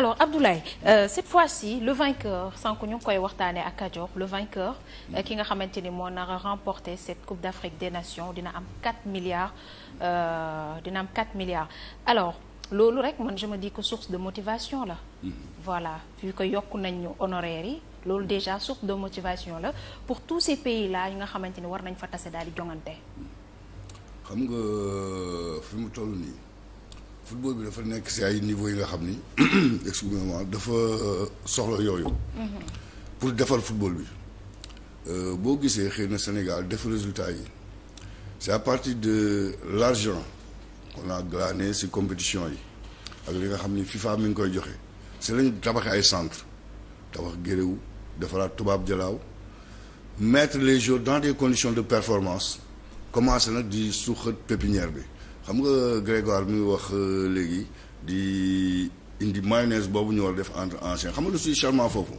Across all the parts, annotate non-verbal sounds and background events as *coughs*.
alors Abdoulaye euh, cette fois-ci le vainqueur sànq ñu ngi koy waxtaanee ak Kajoor le vainqueur euh, ki nga xamante ni moo nar a remporter cette Coupe d'Afrique des Nations dina am 4 milliards euh, dina am 4 milliards alors loolu rek man je me dis que source de motivation la mm-hmm. voilà vu que yokk nañ ñu yi loolu déjà source de motivation la pour tous ces pays là yi nga xamante ni war nañ fa tase daal di jongante xam nga euh, fi mu toll nii football bi dafa nekk si ay niveau yi nga xam ni *coughs* excusez-moi dafa euh, soxla yooyu. Mm-hmm. pour defar football bi euh, boo gisee xëy na Sénégal def résultat yi c'est à partir de l'argent qu'on a glané si compétition yi ak li nga xam ni FIFA mi ngi koy joxe si lañu tabaxee ay centre tabax Guéréo defaraat tubaab jalaaw mettre les joueurs dans des conditions de performance commencé nag di suuxat pépinière bi. xam nga Grégoire mu wax euh, léegi di indi mayonnaise boobu ñu war def entre anciens xam nga lu suy charmant foofu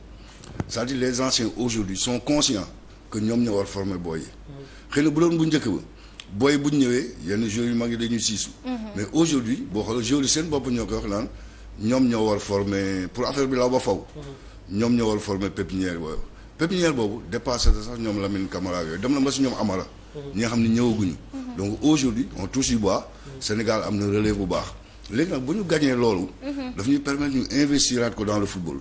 cest dire les anciens aujourd'hui sont conscients que ñoom ñoo war former booy yi. xëy na bu doon bu njëkk ba booy bu ñëwee yenn joueurs yu mag yi dañuy siisu. Mhm. mais aujourd'hui boo xoolee joueurs yi seen bopp ñoo koy wax naan ñoom ñoo war former pour affaire bi law ba faw mhm. ñoom ñoo war former pépinière boobu pépinière boobu dépassé na sax ñoom Lamine Camara yooyu dem na ba si ñoom Sénégal am na relève bu baax léegi nag bu ñu gañee loolu mhm. daf ñuy permettre ñu investiraat ko dans le football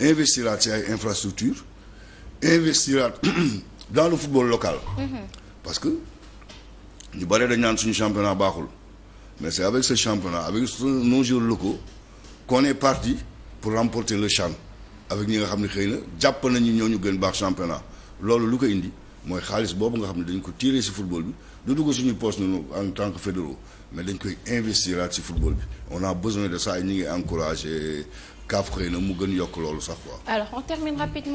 investiraat ci ay infrastructure investiraat *clears throat* dans le football local mhm. parce que ñu bare dañ ñaan suñu championnat baaxul mais c'est avec ce championnat avec nos joueurs locaux qu'on est parti pour remporter le CHAN avec ñi nga xam ne xëy na jàpp nañu ñoo ñu gën baax championnat loolu lu ko indi mooy xaalis boobu nga xam ne dañ ko tiiree si football bi du dugg suñuy poste noonu en tant que fédéraux mais dañ koy investiraat ci football bi on a besoin de ça ñu ngi encourager CAF xëy na mu gën yokk loolu sax quoi.